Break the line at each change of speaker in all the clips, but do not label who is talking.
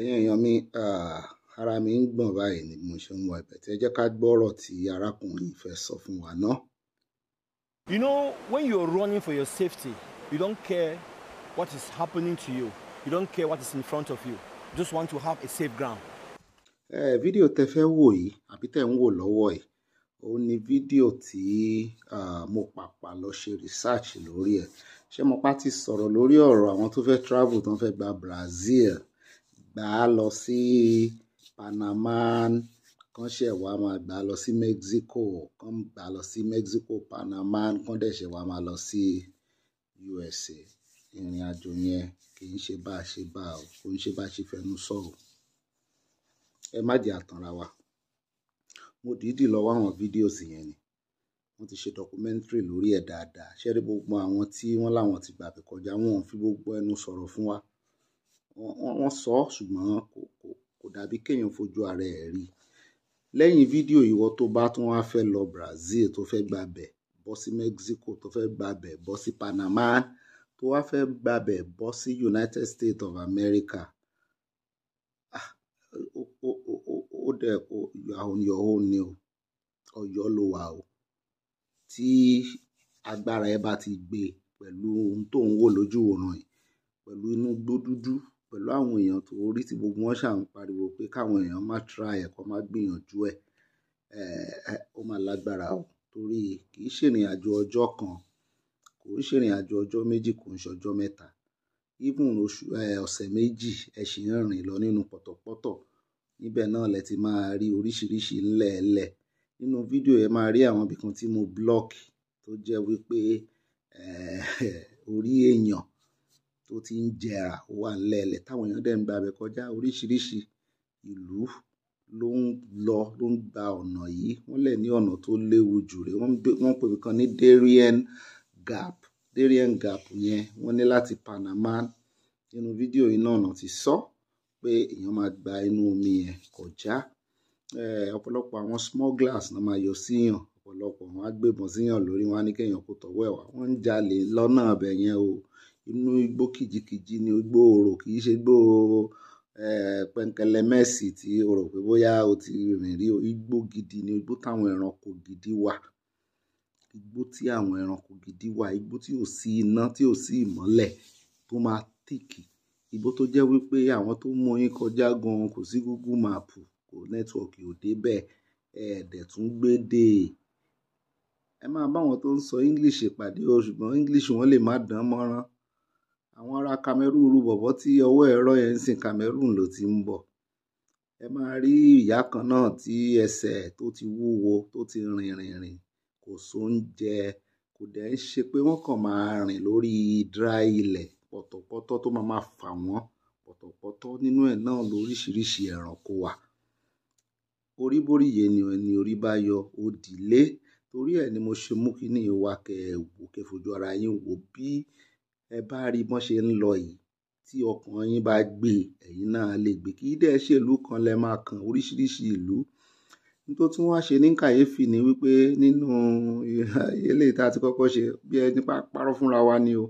ẹ̀yin èèyàn mi ara mi ń gbọ̀n báyìí ni mo ṣe ń wọ ẹ̀bẹ̀ tí ẹ jẹ́ ká gbọ́rọ̀ tí arákùnrin fẹ́ sọ fún wa náà. You know, when you are running for your safety, you don't care what is happening to you. You don't care what is in front of you. You just want to have a safe ground. Ẹ fídíò tẹ fẹ́ wò yìí àbí tẹ̀ ń wò lọ́wọ́ yìí ó ní fídíò tí mo pàpà lọ ṣe research lórí ẹ̀ ṣé mo pa ti sọ̀rọ̀ lórí ọ̀rọ̀ àwọn tó fẹ́ travel tó ń fẹ́ gba Brazil gbà á lọ sí Panama kán ṣẹ̀ wá máa gbà á lọ sí Mexico kán gbà á lọ sí Mexico Panama kán dẹ̀ ṣẹ̀ wá máa lọ sí USA ìrìn àjò yẹn kì í ṣe bá a ṣe bá o kò ń ṣe bá a ṣe fẹnu sọ ẹ má jẹ́ àtànra wa mo dìídì lọ wá àwọn fídíòs yẹn ni wọ́n ti ṣe documentary lórí ẹ̀ dáadáa ṣé rí gbogbo àwọn tí wọ́n láwọn ti gbàgbé kọjá wọn ò fi gbogbo ẹnu sọ̀rọ̀ fún wa wọ́n sọ ọ́ ṣùgbọ́n kò kò kò dàbí kéèyàn fojú ara ẹ̀ rí lẹ́yìn fídíò ìwọ tó bá tún wá fẹ́ lọ Brazil tó fẹ́ gbàbẹ̀ bọ́ sí Mexico tó fẹ́ gbàbẹ̀ bọ́ sí Panama tó wá fẹ́ gbàbẹ̀ bọ́ sí United States of America ó dẹ̀ ọ̀yọ́ ó ní o ọ̀yọ́ ló wà o tí agbára ẹ bá ti gbé pẹ̀lú ohun tó ń wò lójú òòrùn yìí pẹ̀lú inú gbó pẹ̀lú àwọn èèyàn tó rí tí gbogbo wọn ṣà ń pariwo pé káwọn èèyàn má try ẹ̀ kó má gbìyànjú ẹ̀ ó máa lágbára o torí kì í ṣèrìn àjò ọjọ́ kan kò ń ṣèrìn àjò ọjọ́ méjì kò ń ṣọjọ́ mẹ́ta even oṣù ọ̀sẹ̀ méjì ẹ ṣì ń rìn lọ nínú pọ̀tọ̀pọ̀tọ̀ níbẹ̀ náà lẹ ti máa rí oríṣiríṣi ńlẹ̀ẹ́lẹ̀ nínú fídíò ẹ máa rí àwọn ibìkan tí mo block tó jẹ́ wípé orí èèyàn tó ti ń jẹrà ó wà ńlẹ̀ẹ̀lẹ̀ táwọn èèyàn dẹ̀ ń gba abẹ kọjá oríṣiríṣi ìlú ló ń lọ ló ń gba ọ̀nà yìí wọ́n lẹ̀ ní ọ̀nà tó léwu jù rẹ̀ wọ́n pè kan ní Darien Gap Darien Gap yẹn wọ́n ní láti Panama nínú fídíò yìí náà ti sọ pé èèyàn máa gba inú omi yẹn kọjá eh, ọ̀pọ̀lọpọ̀ àwọn smugglers náà máa yọ síyàn ọ̀pọ̀lọpọ̀ wọn á gbébọn síyàn lórí wọn á ní kéèyàn kó tọwọ́ ẹ̀ wá wọ́n ń jalè lọ́nà abẹ yẹn o inú igbó kìjikìji ni igbó orò kì í ṣe igbó pẹnkẹlẹmẹsì tí o rò pé bóyá o ti rìn rí igbó gidi ni igbó táwọn ẹranko gidi wà igbó tí àwọn ẹranko gidi wà igbó tí ò sí iná tí ò sí ìmọ́lẹ̀ tó máa tìkì igbó tó jẹ́ wípé àwọn tó mú yín kọjá gan kò sí Google máàpù kò nẹ́tíwọ̀kì ò débẹ̀ ẹ̀ẹ́dẹ̀ tún gbédè ẹ máa bá tó ń sọ English pàdé o ṣùgbọ́n English wọn lè má dán mọ́rán àwọn ará Cameroon ru bọ̀bọ́ tí ọwọ́ ẹ̀rọ yẹn ń sìn Cameroon ló ti ń bọ̀ ẹ máa rí ìyá kan náà tí ẹsẹ̀ tó ti wúwo tó ti rìn rìn rìn kò sóúnjẹ kò dẹ̀ ń ṣe pé wọ́n kàn máa rìn lórí dry ilẹ̀ pọ̀tọ̀pọ̀tọ̀ tó máa fà wọ́n pọ̀tọ̀pọ̀tọ̀ nínú ẹ̀ náà lóríṣiríṣi ẹranko wà orí ni ẹni orí bá yọ òdìlé torí ẹ̀ ni mo ṣe mú kí ní ìwà kẹ̀ ẹ̀ wò fojú ara yín wò bí ẹ bá rí bọ́n ṣe ń lọ yìí tí ọkàn yín bá gbé ẹ̀yin náà lè gbé kí dẹ́ ṣèlú kan lẹ máa kàn oríṣiríṣi ìlú nítorí tí wọ́n ṣe ní kàyéfì ni wípé nínú eléyìí tá a ti kọ́kọ́ ṣe bí ẹni parọ́ fúnra wa ni o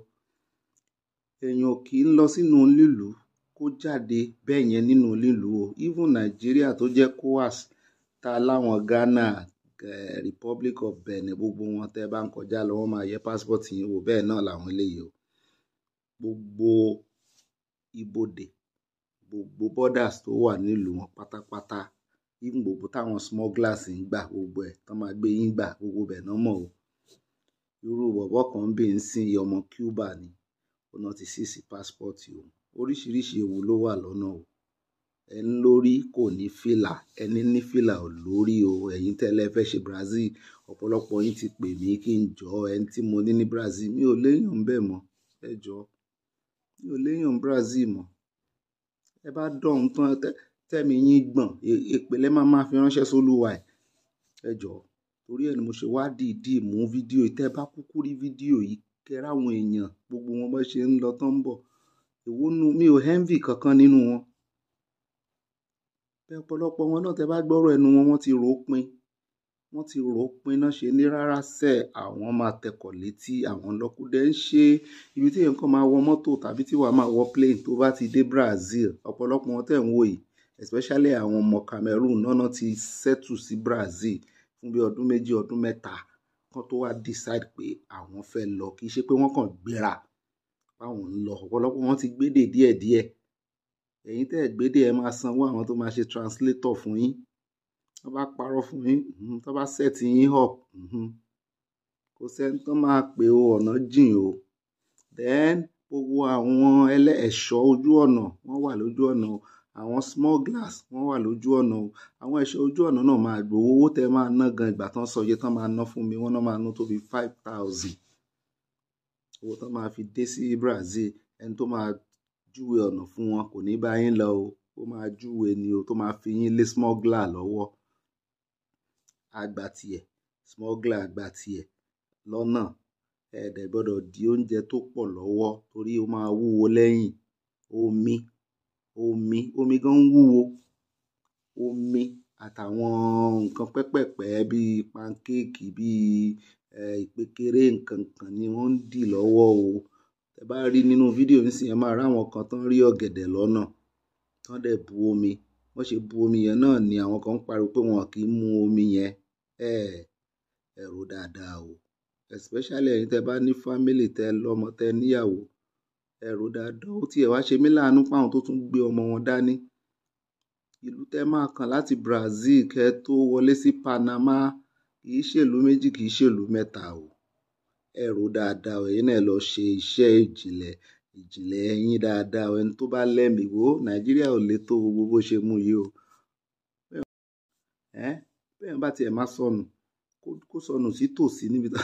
èèyàn kì í lọ sínú lílù kó jáde bẹ́ẹ̀ yẹn nínú lílù o even Nàìjíríà tó jẹ́ coas ta láwọn Ghana eh, Republic of Benin gbogbo wọn tẹ́ bá ń kọjá lọ wọ́n máa yẹ passport yín wò bẹ́ẹ̀ náà làwọn eléyìí o gbogbo ibodè gbogbo borders tó wà nílùú wọn pátápátá even gbogbo táwọn smugglers ń gbà gbogbo ẹ̀ tán máa gbé yín gbà gbogbo bẹ̀ náà mọ̀ o irú bọ̀bọ̀ kan bí ń sin ọmọ Cuba ni ọ̀nà ti ṣíṣí passport o oríṣiríṣi ewu ló wà lọ́nà o ẹni lórí kò ní fìlà ẹni ní fìlà ò lórí o ẹ̀yin tẹ́lẹ̀ fẹ́ ṣe Brazil ọ̀pọ̀lọpọ̀ yín ti pè mí kí n jọ ẹni tí mo ní ní Brazil mi ò léèyàn bẹ́ẹ̀ mọ́ ẹ jọ̀ọ́ mi ò léèyàn Brazil mọ́ ẹ bá dọ̀hún tán tẹ́mi yín gbọ̀n èpè e, lẹ́ máa máa fi ránṣẹ́ sólúwa ẹ̀ ẹ jọ̀ọ́ torí ẹ̀ ni mo ṣe wá dìídì mú fídíò yìí tẹ́ ẹ bá kúkú rí fídíò yìí kẹ́rẹ́ àwọn èèyàn gbogbo wọn bá ṣe ń lọ tán ń bọ̀ èwo nu mi ò envy kankan nínú wọn ọ̀pọ̀lọpọ̀ wọn náà tẹ́ bá gbọ́rọ̀ ẹnu wọn wọ́n ti rò ó pin wọ́n ti rò ó pinná ṣe ní rárá sẹ́ àwọn máa tẹkọ̀ létí àwọn lọ́kúdẹ́ ń ṣe ibi tí èèyàn kan máa wọ mọ́tò tàbí tí wàá máa wọ plane tó bá ti dé Brazil ọ̀pọ̀lọpọ̀ wọn tẹ̀ ń wò yìí especially àwọn ọmọ Cameroon náà ti settle sí Brazil fún bí ọdún méjì ọdún mẹ́ta kan tó wá decide pé àwọn fẹ́ lọ kì í ṣe pé wọ́n kàn gbéra báwọn ń lọ ọ̀pọ̀lọpọ̀ wọn ti gbédè díẹ̀díẹ̀ ẹ̀yin tẹ́ ẹ̀ gbédè ẹ máa sanwó àwọn tó máa ṣe translator fún yín tó bá parọ́ fún yín mhm, tó bá sẹ́ẹ̀tì yín up mhm. kò sẹ́ni tó máa pè o ọ̀nà jìn o then gbogbo àwọn ẹlẹ́ẹ̀ṣọ́ ojú ọ̀nà wọ́n wà lójú ọ̀nà o àwọn smugglers wọ́n wà lójú ọ̀nà o àwọn ẹ̀ṣọ́ ojú ọ̀nà náà máa gbowó owó tẹ́ máa ná gan ìgbà tán sọ iye tán máa ná fún mi wọ́n náà máa ná tó bíi five thousand owó tán máa fi dé sí Brazil ẹni tó máa júwe ọ̀nà fún wọn kò ní bá yín lọ o ó máa júwe ni o tó máa fi yín lé smuggler lọ́wọ́ àgbà tiẹ̀ smuggler àgbà tiẹ̀ lọ́nà ẹ dẹ̀ gbọ́dọ̀ di oúnjẹ tó pọ̀ lọ́wọ́ torí ó máa wúwo lẹ́yìn omi omi omi gan wúwo omi àtàwọn nǹkan pẹ́pẹ̀pẹ́ bíi pankéèkì bíi ìpékeré nǹkan kan ni wọ́n ń dì lọ́wọ́ o tẹ bá rí nínú fídíò nísìnyí ẹ máa ráwọn kan tán rí ọ̀gẹ̀dẹ̀ lọ́nà tán dẹ̀ bu omi wọ́n ṣe bu omi yẹn náà ni àwọn kan ń pariwo pé wọn kì í mu omi yẹn ẹ ẹ rò dáadáa o especially ẹ̀yin tẹ́ bá ní family tẹ́ lọ́mọ tẹ́ níyàwó ẹ rò dáadáa ó tiẹ̀ wá ṣe mí láàánú páwọn tó tún gbé ọmọ wọn dání ìlú tẹ́ máa kàn láti Brazil kẹ́ tó wọlé sí Panama kìí ṣèlú méjì kìí ṣèlú mẹ́ta o ẹ rò dáadáa o ẹ̀yin náà lọ ṣe iṣẹ́ ìjìnlẹ̀ ìjìnlẹ̀ ẹ̀yin dáadáa o ẹni tó bá lẹ́mìí wò Nàìjíríà ò lè tó gbogbo ṣe mú yìí o. ẹ bẹ́ẹ̀ bá tiẹ̀ máa sọnù kó sọnù sí tòsí níbi tá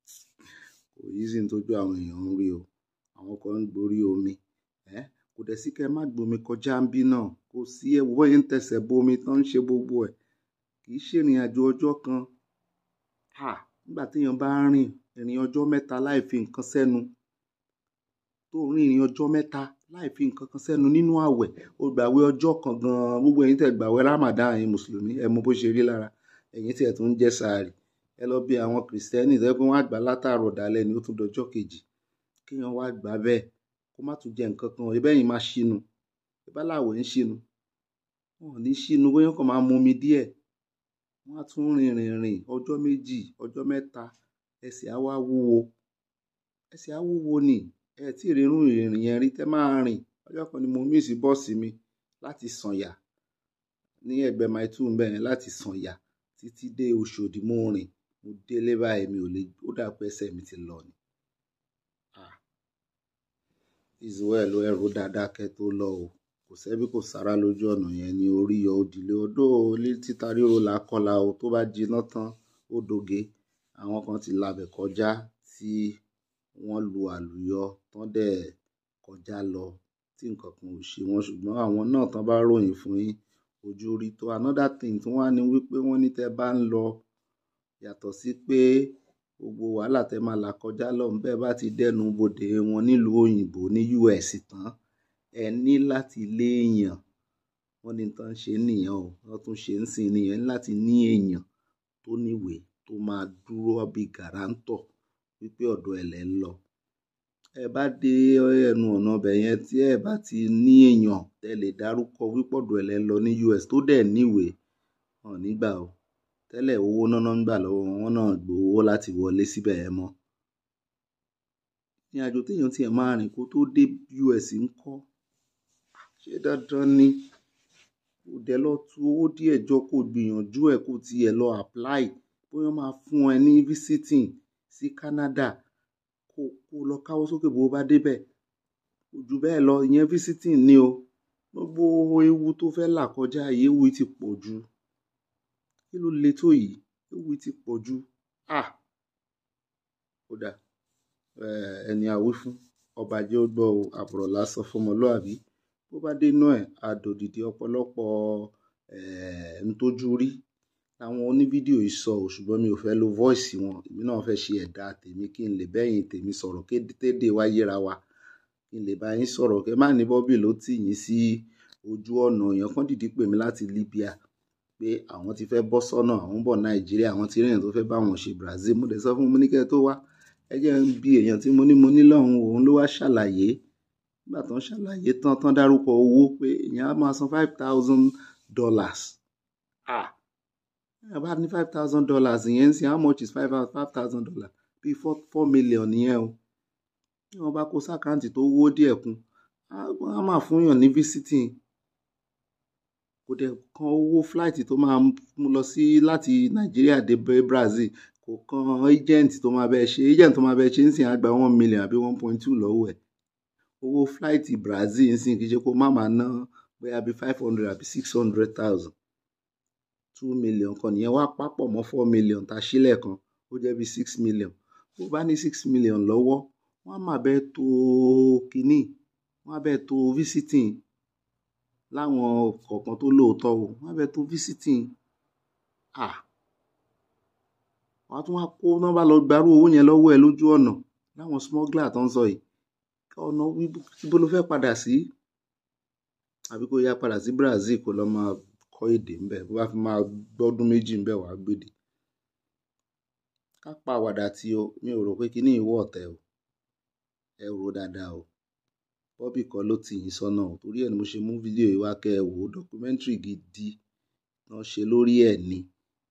kò yí sí tójú àwọn èèyàn ń rí o àwọn kan ń gborí omi kò dẹ̀ sí kẹ́ ẹ má gbomi kọjá ń bí náà kò sí ẹ wọ́n yẹn ń tẹ̀sẹ̀ bomi tán ń ṣe gbogbo ẹ̀ kì í ṣèrìn àjò ọjọ́ kan nígbà téèyàn bá rìn ìrìn ọjọ́ mẹ́ta láì fi nǹkan sẹ́nu tó rìn ìrìn ọjọ́ mẹ́ta láì fi nǹkan kan sẹ́nu nínú àwẹ̀ o gbàwé ọjọ́ kan gan-an gbogbo ẹ̀yin tẹ̀ gbàwé Ramadan ẹ̀yin mùsùlùmí ẹ mọ bó ṣe rí lára ẹ̀yin tẹ̀ tún jẹ́ sàárì ẹ lọ bí àwọn kìrìsìtẹ́nì ẹ pé wọ́n á gbà látàárọ̀ dalẹ́ ni ó tún dọjọ́ kejì kéèyàn wá gbà bẹ́ẹ̀ kó má tún jẹ nǹkan kan ibẹ̀ yìí máa ṣinu ìbáláwọ̀ ń ṣinu wọn ò ní ṣinu bóyá kàn máa mumi díẹ̀ wọ́n á tún rìn rìn rìn ọjọ́ méjì ọjọ́ mẹ́ta ẹsẹ̀ á wá wúwo ẹsẹ̀ á wúwo nìí ẹ tí ì rírun ìrìn yẹn rí tẹ́ máa rìn ọjọ́ kan ni mo mísì bọ́ọ̀sì mi láti sànyà ní ẹgbẹ́ my two bẹ́ẹ̀ láti sànyà títí dé Òṣòdì mo rìn mo délé báyìí mi ò lè ó dà pé ẹsẹ̀ mi ti lọ ni. Ah, israel ẹrù dáadáa kẹ́ tó lọ o kò sẹ́bí kò sára lójú ọ̀nà yẹn ni orí yọ òdìlé odò olè títa ríro là o tó bá jiná tán ó doge àwọn kan ti labẹ̀ kọjá tí. Si, wọ́n lu àlùyọ tán dẹ̀ kọjá lọ tí nǹkan kan ò ṣe wọ́n ṣùgbọ́n àwọn náà tán bá ròyìn fún yín ojú rí tó another thing tí wọ́n á ní wípé wọ́n ní tẹ́ bá ń lọ yàtọ̀ sí pé gbogbo wàhálà tẹ́ máa là kọjá lọ́hùn bẹ́ẹ̀ bá ti dẹ́nu bodè wọn nílùú òyìnbó ní US tán ẹ ní láti lé èèyàn wọ́n ní tán ṣe nìyẹn o wọ́n tún ṣe ń sìn nìyẹn láti ní èèyàn tó níwèé tó máa dúró bí gàrántọ̀ wípé ọ̀dọ̀ ẹ̀ ń lọ ẹ bá dé ẹnu ọ̀nà ọbẹ̀ yẹn tí ẹ bá ti ní èèyàn tẹ lè dárúkọ wípé ọ̀dọ̀ ẹ̀ ń lọ ní US tó dẹ̀ níwèé hàn nígbà o tẹ́lẹ̀ owó náná ń gbà lọ́wọ́ wọn náà gbowó láti wọlé síbẹ̀ ẹ mọ́ ní àjò téèyàn tiẹ̀ máa rìn kó tó dé US ń kọ́ ṣé dandan ni kò dẹ̀ lọ tu owó díẹ̀ jọ kó gbìyànjú ẹ̀ kó tiẹ̀ lọ apply bóyá máa fún ẹ ní visiting sí Canada kó kó lọ káwọ́ sókè bó bá débẹ̀ jù bẹ́ẹ̀ lọ ìyẹn visiting ni o gbogbo ewu tó fẹ́ là kọjá yìí ewu ti pọ̀ jù kí ló le tó yìí ewu ti pọ̀ jù ah kódà ẹni àwí fún ọba jẹ́ ó gbọ́ àbùrọ̀ lásán fọmọlúàbí bó bá dénú ẹ̀ àdòdìdì ọ̀pọ̀lọpọ̀ ẹ̀ ń tójú rí àwọn onífídíò yìí sọ ò ṣùgbọ́n mi ò fẹ́ lo voice wọn èmi náà fẹ́ ṣe ẹ̀dá tèmi kí n lè bẹ́yìn tèmi sọ̀rọ̀ kéde wá yéra wa kí n lè bá yín sọ̀rọ̀ kẹ má ní bọ́bì ló tì yín sí ojú ọ̀nà èèyàn kan dìdí pè mí láti Libya pé àwọn ti fẹ́ bọ́ sọ́nà àwọn ń bọ̀ Nàìjíríà àwọn ti rìnrìn tó fẹ́ bá wọn ṣe Brazil mo dẹ̀ sọ fún mo ní kẹ́ tó wá ẹ jẹ́ ń bi èèyàn tí mo ní mo ní lọ́hùn òun ló wá ṣàlàyé nígbà tó ń ṣàlàyé tán tán dárúkọ owó pé èèyàn á máa san five thousand dollars ah bá ní five thousand dollars yẹn ń sin how much is five five thousand dollars bíi four four million yẹn o tí wọ́n bá kó sákàǹtì tó wó díẹ̀ kún á máa fúnyàn ní visiting kò dẹ̀ kan owó flight tó máa mú lọ sí láti nàìjíríà dé brazil kò kan agent tó máa bẹ ṣe agent tó máa bẹ ṣe ń sìn àgbà one million àbí one point two lọ́wọ́ ẹ̀ owó flight brazil ń sìn kì í ṣe kó má máa ná bóyá bíi five hundred àbí six hundred thousand two million kan nìyẹn wá papọ̀ mọ́ four million tá a sílẹ̀ kan ó jẹ́ bí six million tó bá ní six million lọ́wọ́ wọ́n á máa bẹ́ẹ̀ tó kínní wọ́n á bẹ́ẹ̀ tó visiting láwọn kọ̀ọ̀kan tó lóòótọ́ o wọ́n á bẹ́ẹ̀ tó visiting ah wọ́n á tún wá kó nọ́mbà lọ gbarú owó yẹn lọ́wọ́ ẹ lójú ọ̀nà láwọn smuggler tó ń sọ yìí ọ̀nà ibo ló fẹ́ padà sí àbí kó yá padà sí Brazil kó lọ́ọ́ máa kọ́ èdè ńbẹ̀ bó bá fi máa gbọ́dún méjì ńbẹ̀ wàá gbédè ká pa àwàdà tí o mi ò rò pé kíní ìwọ ọ̀tẹ̀ o ẹ rò dáadáa o Bobby kọ́ ló tì yín sọ́nà o torí ẹ̀ ni mo ṣe mú fídíò yìí wá kẹ́ ẹ wò ó documentary gidi náà ṣe lórí ẹ̀ ni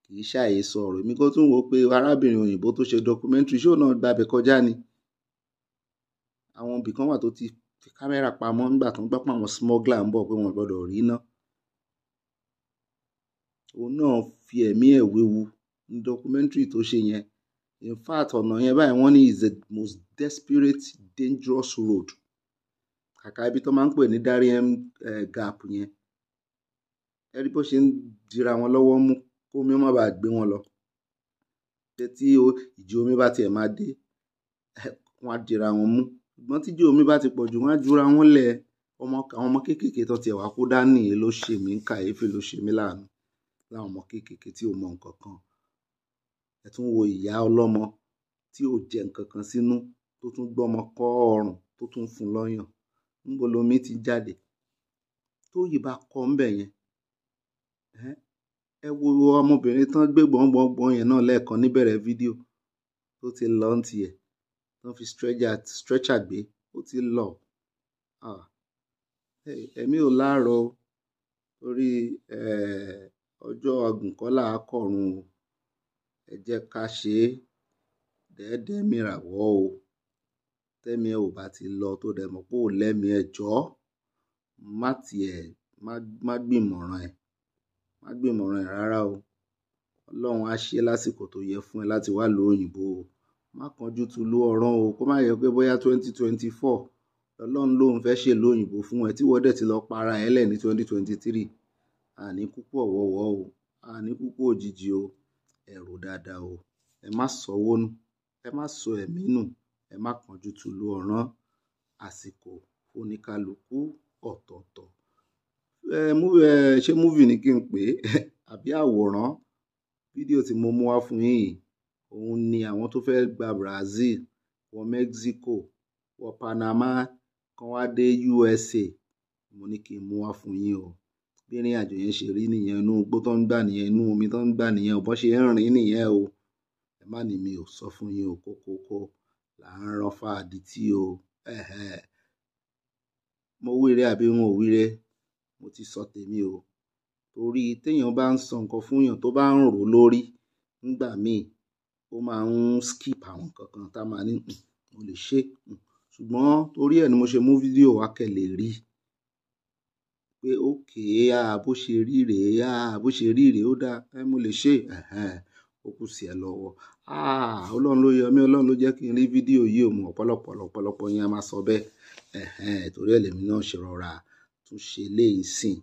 kì í ṣàyè sọ ọ̀rọ̀ èmi kó tún wò ó pé arábìnrin òyìnbó tó ṣe documentary ṣó náà gbàbẹ̀ kọjá ni àwọn ibì kan wà tó ti fi kámẹ́rà pamọ́ nígbà tó ń gbọ́ pé àwọn smuggler ń bọ̀ pé wọ́n gbọ́dọ̀ rí náà òun náà fi ẹ̀mí ẹ̀ wewu ní documentary tó ṣe yẹn in fact ọ̀nà yẹn báyìí wọ́n ní is the most desperate dangerous road kàkà ibi tó máa ń pè ní darien eh, gap yẹn ẹ̀rí bó ṣe ń dira wọn lọ́wọ́ mú kó omi má bàa gbé wọn lọ ṣé tí ìjì omi bá tiẹ̀ máa dé eh, wọn á dira wọn mú ṣùgbọ́n tíjì omi bá ti pọ̀ jù wọ́n á jura wọn lẹ̀ ọmọ àwọn ọmọ kéékèèké tó tiẹ̀ wá kó dání ló ṣe mí ń kàyéfì ló ṣe mí láàánú láwọn ọmọ kéékèèké tí ò mọ nǹkan kan ẹ tún wo ìyá ọlọ́mọ tí ò jẹ nǹkan kan sínú tó tún gbọ́mọ kọ́ ọrùn tó tún fún lọ́yàn níbo lomi ti jáde tó yìí bá kọ́ ńbẹ̀ yẹn ẹ wo ọmọbìnrin tán gbé gbọ̀ngbọ̀ngbọ̀n yẹn náà lẹ́ẹ̀kan níbẹ̀rẹ̀ fídíò tó ti lọ ń tiẹ̀ tán fi stretcher gbé ó ti lọ ah, ẹ̀mí ò láàárọ̀ o torí ọjọ́ àgùnkọ́là á kọ̀run o ẹ jẹ́ ká ṣe é dẹ́ẹ́dẹ́ mìràwọ́ o tẹ́mi ẹ ò bá ti lọ tó dẹ̀ mọ̀ pé ò lẹ́mi ẹ jọ́ má tiẹ̀ má gbìmọ̀ràn ẹ̀ má gbìmọ̀ràn ẹ̀ rárá o ọlọ́run á ṣe lásìkò tó yẹ fún ẹ láti wá lo òyìnbó o má kánjú tu ló ọ̀rán o kó má yẹ pé bóyá twenty twenty four ọlọ́run lòun fẹ́ ṣe lóyìnbó fún ẹ tí wọ́n dẹ̀ ti lọ para ẹ̀ lẹ̀ ní twenty twenty three àní kúkú ọ̀wọ́wọ́ o àní kúkú òjijì o ẹ dáadáa o ẹ má sọwọ́ nù ẹ má sọ ẹ̀mí nù ẹ má kánjú tùlú ọ̀ràn àsìkò oníkálukú ọ̀tọ̀ọ̀tọ̀ ẹ ṣé múvì ni kí n pè é àbí àwòrán fídíò tí mo mú wá fún yín òun ni àwọn tó fẹ́ gba Brazil wọ Mexico wọ Panama kan wá dé USA mo ní kí n mú wá fún yín o bí ìrìn àjò yẹn ṣe rí nìyẹn inú igbó tó ń gbà nìyẹn inú omi tó ń gbà nìyẹn bó ṣe ń rìn nìyẹn o ẹ má ní mi ò sọ fún yín o kókókó là ń rọ́fà àdìtì o mo wíire àbí wọn ò wíire mo ti sọ tèmi o torí téèyàn bá ń sọ nǹkan fún yàn tó bá ń rò lórí nígbà míì ó máa ń skip àwọn kankan tá a máa ní hmm, mo lè ṣe hmm. ṣùgbọ́n torí ẹ̀ ni mo ṣe mú fídíò wa lè rí i pé okay ah bó ṣe rí rèé ah bó ṣe rí rèé ó dáa eh, mo lè ṣe ó kù sí ẹ lọ́wọ́ ah ọlọ́run ló yọ mí ọlọ́run ló jẹ́ kí n rí fídíò yìí òun ọ̀pọ̀lọpọ̀ ọ̀pọ̀lọpọ̀ yẹn a máa sọ bẹ́ẹ̀ ẹ̀hẹ́n torí ẹ̀ lèmi náà ṣe rọra tún ṣe léyìí sìn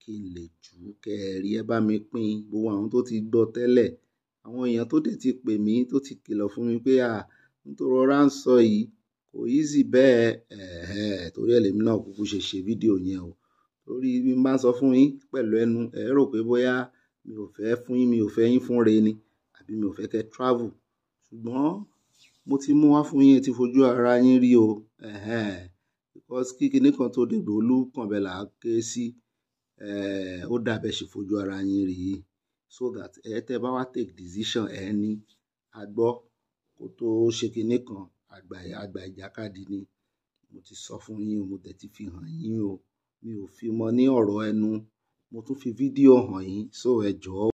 kí n lè jù ú kẹ́ ẹ bá mi pín gbogbo àwọn tó ti gbọ́ tẹ́lẹ̀ àwọn èèyàn tó dẹ̀ ti pè mí tó ti kìlọ̀ fún mi pé ah nítorí ọ̀rá ń sọ yìí kò easy bẹ́ẹ̀ ẹ̀hẹ́n torí ẹ̀ lèmi náà kúkú ṣe ṣe fídíò yẹn o torí bí n bá sọ fún yín pẹ̀lú ẹnu ẹ rò pé bóyá mi ò fẹ́ fún yín mi ò fẹ́ yín fún re ni àbí mi ò fẹ́ kẹ́ travel ṣùgbọ́n mo ti mú wá fún yín ẹ ti fojú ara yín rí o because kí kan tó dègbò olú kànbẹ là á ké sí ó dàbẹ̀ ṣe fojú ara yín rí i so that ẹ tẹ́ bá wá take decision ẹ ní agbọ́ kó tó ṣe kinní kan àgbà àgbà ìjàkadì ni mo ti sọ fún yín o mo dẹ̀ ti fi hàn yín o mi ò fi mọ ní ọ̀rọ̀ ẹnu mo tún fi fídíò hàn yín so ẹ jọ̀ọ́